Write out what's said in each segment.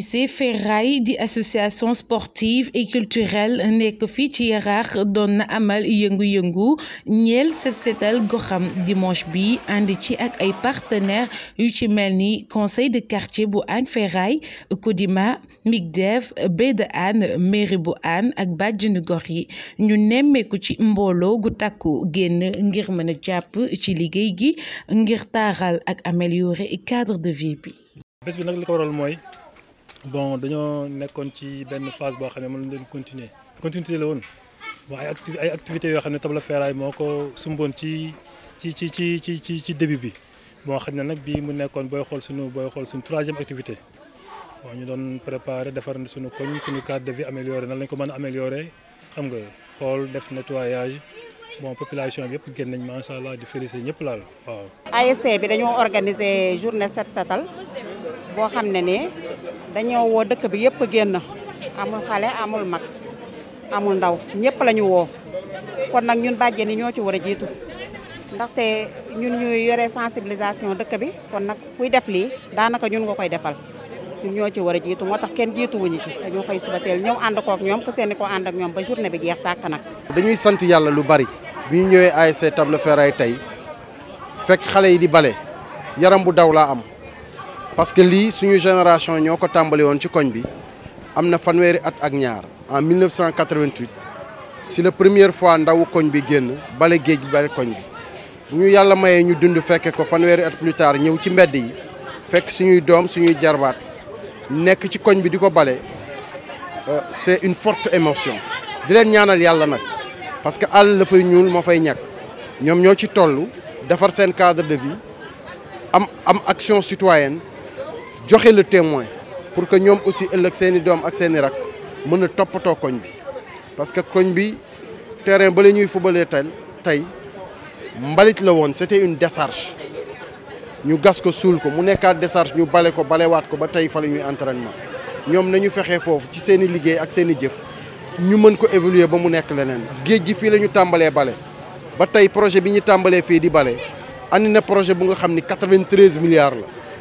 C'est Ferraille di association sportive et culturelle nekk fii ci amal yëngu Niel ñeel set setal goxam dimanche bi Uchimani, ci ak ay partenaires yu conseil de quartier bu Ferraille Kodima Migdev Bede Anne, Hann mairie bu Hann ak bàjjenu gox yi ñu nemmeeku ci mbooloo gu ngir mën a ci gi ngir taral ak améliorer cadre de vie bi Bes bi nak bon dañoo nekkoon ci benn phase boo xam ne mën leen continuer continuer la woon bon ay acti ay activités yoo xam ne Tableau Ferraille moo ko sumboon ci ci ci ci ci ci ci début bi bon xam ne nag bii mu nekkoon booy xool suñu booy xool suñu troisième activité bon ñu doon préparer defar na suñu koñ suñu cadre de vie améliorer nan lañ ko mën a amélioré xam nga xool def nettoyage bon population bi yëpp génn nañ macha allah di féliciter ñëpp laal waaw. ASC bi dañoo organiser journée set setal boo xam ne nii dañoo woo dëkk bi yëpp génn amul xale amul mag amul ndaw ñëpp la ñu woo kon nag ñun bàjjen yi ñoo ci war a jiitu ndaxte ñun ñuy yore sensibilisation dëkk bi kon nag kuy def lii daanaka ñun nga koy defal ñun ñoo ci war a jiitu moo tax kenn jiituwuñu ci dañoo xëy suba teel ñëw ànd kook ñoom fu seeni ko ànd ñoom ba journée bi jeex tàkk nag. dañuy sant yàlla lu bari bi ñu ñëwee ASC Table Ferraille tey fekk xale yi di bale yaram bu daw laa am. parce que lii suñu génération qui ci en 1988 C'est la première fois que nous bi génn balé géej bale koñ bi avons ñu plus tard nous ci faire en fekk suñuy doom suñuy Ne nek ci koñ bi diko balé euh, c'est une forte émotion di leen ñaanal yalla nak parce que la fay ñuul Nous fay ñom ñoo ci cadre de vie am action citoyenne suis le témoin pour que ñom aussi ëllëg seeni doom ak seeni rak parce que koñ terrain ba avons ñuy c'était une décharge ñu gas ko sul ko mu décharge ñu bale ko wat ko ba tay fa lañuy entraînement ñom nañu fexé fofu ci seeni liggéey ak seeni jëf ñu mën ko évoluer ba mu nekk lenen geej gi fi projet bi ñu di projet bu nga 93 milliards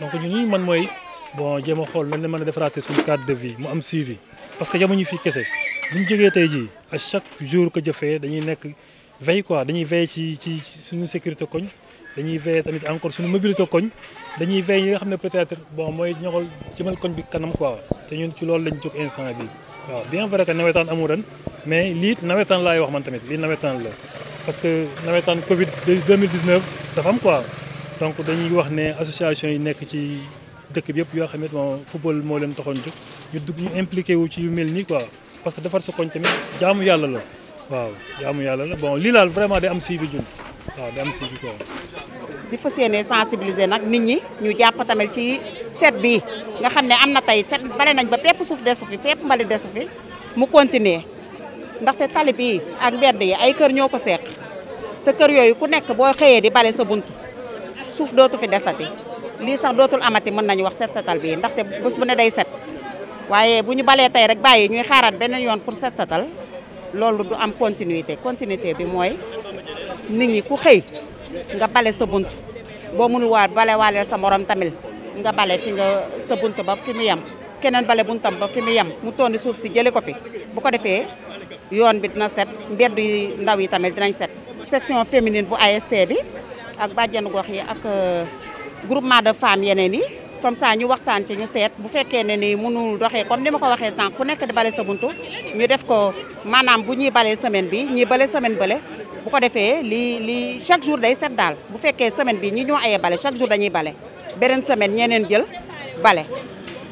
donc ñun ñu man mooy bon jéem a xool nañ la mën a defaraatee suñu cadre de vie mu am suivi parce que jamuñu fi kese bu ñu jógee tey jii à chaque jour que jëfee dañuy nekk veille quoi dañuy veille ci ci suñu sécurité koñ dañuy veille tamit encore suñu mobilité koñ dañuy veille yi nga xam ne peut-être bon mooy ñoxol jëmal koñ bi kanam quoi te ñun ci loolu lañ jóg instant bi waaw bien vrai que nawetaan amul ren mais lii nawetaan laay wax man tamit lii nawetaan la parce que nawetaan Covid 2019 dafa am quoi. donc dañuy wax ne association yi nekk ci dëkk bi yëpp yoo xam ne bon football moo leen taxoon jóg ñu dugg ñu wu ci yu mel nii quoi parce que defar sa koñ tamit jaamu yàlla la waaw jaamu yàlla la bon lii daal vraiment day am suivi jun waaw day am suivi quoi. di fas yéene sensibiliser nag nit ñi ñu jàpp tamit ci set bi nga xam ne am na tey set bale nañ ba pepp suuf desu fi pepp mbali desu fi mu continuer ndaxte tali bi ak mbedd yi ay kër ñoo ko seq te kër yooyu ku nekk boo xëyee di bale sa bunt. suuf dootu fi desati lii sax dootul amati mën nañu wax set setal bii ndaxte bés bu ne day set waaye bu ñu balee tey rek bàyyi ñuy xaaral beneen yoon pour set setal loolu du am continuité continuité bi mooy nit ñi ku xëy nga bale sa bunt boo mënul waa bale waale sa morom tamit nga bale fi nga sa bunt ba fi mu yem keneen bale buntam ba fi mu yem mu tondi suuf si jëlee ko fi bu ko defee yoon bi dina set mbedd yi ndaw yi tamit dinañ set section féminine bu ASC bi ak bàjjanu gox yi ak euh, groupement de femme yeneen yi comme ça ñu waxtaan ci ñu seet bu fekkee ne ni mënul doxee comme ni ma ko waxee sànq ku nekk di bale sa buntu ñu def ko maanaam bu ñuy balee semaine bi ñuy bale semaine bale bu ko defee li li chaque jour day set daal bu fekkee semaine bi ñi ñoo ayee bale chaque jour dañuy bale beneen semaine ñeneen jël bale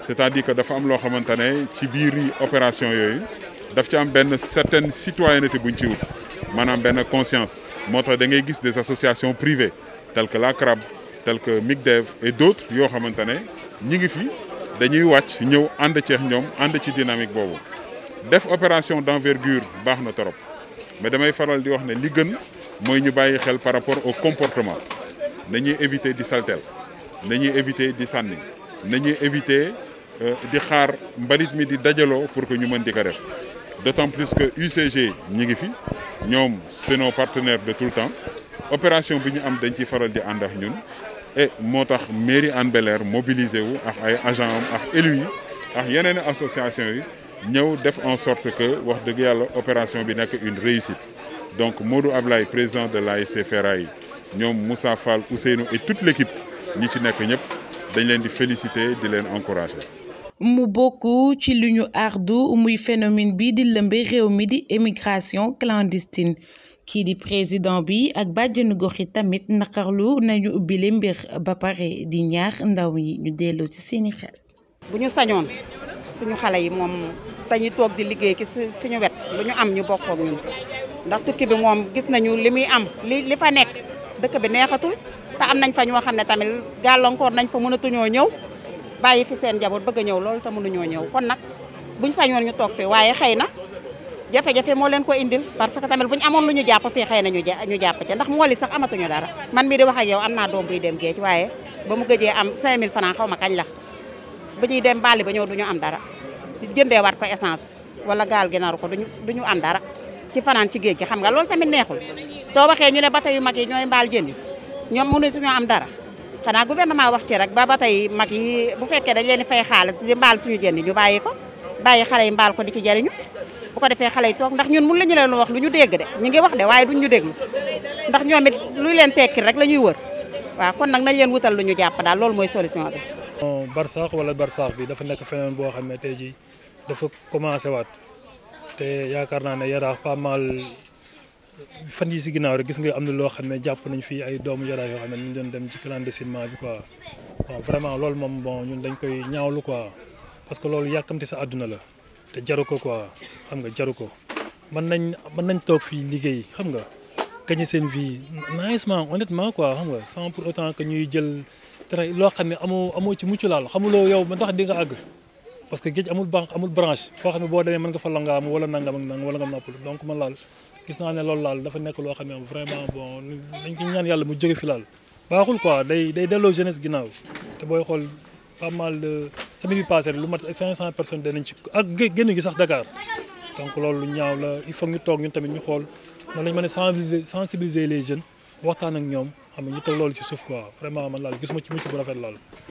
c'est-à-dire que dafa am lo xamantane ci biir opération yoyu daf ci am benn certaine citoyenneté buñ ci wut manam benn conscience motax da ngay gis des associations privées telles que la CRAB telles que MIGDEV et d'autres yo xamantane ñi ngi fi dañuy wàcc ñëw ànd ceex ñom and ci dynamique bobu def opération d'envergure baxna notre trop mais damay faral di wax ne li gën moy ñu bayyi xel par rapport au comportement nañuy éviter di saltel nañuy éviter di sànni nous éviter euh, di de mbalit mi di pour que nous puissions faire. d'autant plus que UCG est ngi fi nos partenaires de tout le temps L'opération bi ñu am dañ ciy faral et moo mairie Hann Belair mobilisé wu agents ak élus ak association en sorte que l'opération soit opération une réussite donc Modou Ablaye président de l'ASC Ferraille Moussa Fall Ousseynou et toute l'équipe nous ci tous dañ leen di féliciter di leen encourager. mu bokk ci lu ñu ardu muy phénomène bi di lëmbe réew mi di émigration clandestine kii di président bi ak bàjjenu gox yi tamit naqarlu nañu ubbile mbir ba pare di ñaax ndaw yi ñu delloo ci seeni xel. bu ñu sañoon suñu xale yi moom dañuy toog di liggéey ci suñu wet lu ñu am ñu bokkook ñun ndax tukki bi moom gis nañu li muy am li li fa nekk dëkk bi neexatul. te am nañ fa ñoo xam ne tamit gàllankoor nañ fa mun mënatuñoo ñëw bàyyi fi seen njaboot bëgg a ñëw loolu te ñoo ñëw kon nag buñ sañoon ñu toog fi waaye xëy na jafe-jafe moo leen ko indil parce que tamit buñ amoon lu ñu jàpp fii xëy na ñu ñu jàpp ca ndax mool yi sax amatuñu dara man mii di wax ak yow am naa doom buy dem géej waaye ba mu gëjee am 5000 francs xaw ma kañ la bu ñuy dem bali ba ñëw ñu am dara jëndee waat ko essence wala gaal gi naru ko duñu ñu am dara ci fanaan ci géej gi xam nga loolu tamit neexul too waxee ñu ne bateau yu mag yi ñooy mbaal jën ñom mënu ñu am dara xana gouvernement wax ci rek ba batay mak yi bu fekke dañ leen fay xaalis di mbal suñu jenn ñu bàyyi ko bàyyi xalé yi mbal ko di ci jariñu bu ko defee xalé yi tok ndax ñun mënu lañu leen wax luñu dégg de ñi ngi wax dé waye duñu dégg ndax ñomit luy leen tékki rek lañuy wër wa kon nak nañ leen wutal luñu japp jàpp daal loolu mooy solution bi. barsaax wala barsaax bi dafa nek fenen bo xamné ne dafa commencé wat te yaakar na né yaraax pas mal fan yi si ginnaaw rek gis nga am na loo xam ne jàpp nañ fi ay doomu Jaraaf yoo xam ne ñu doon dem ci clandestinement bi quoi waaw vraiment loolu moom bon ñun dañ koy ñaawlu quoi parce que loolu yàkkamti sa àdduna la te jaru ko quoi xam nga jaru ko man nañ man nañ toog fii liggéey xam nga gagné seen vie naïvement honnêtement quoi xam nga sans pour autant que ñuy jël train loo xam ne amoo amoo ci mucc laal xamuloo yow ba ndax di nga àgg parce que géej amul banque amul branche foo xam ne boo demee mën nga wala nga noppal donc man laal gis naa ne loolu laal dafa nekk loo xam ne vraiment bon dañ ko ñaan yàlla mu jóge fi laal baaxul quoi day day delloo jeunesse ginnaaw te booy xool pas mal de semaine bi passée lu mat 500 personnes danañ ci ak génn gi sax Dakar donc loolu lu ñaaw la il faut ñu toog ñun tamit ñu xool nan lañ mën a sensibiliser sensibiliser les jeunes waxtaan ak ñoom xam nga ñu loolu ci suuf quoi vraiment man laal gisuma ci mucc bu rafet laal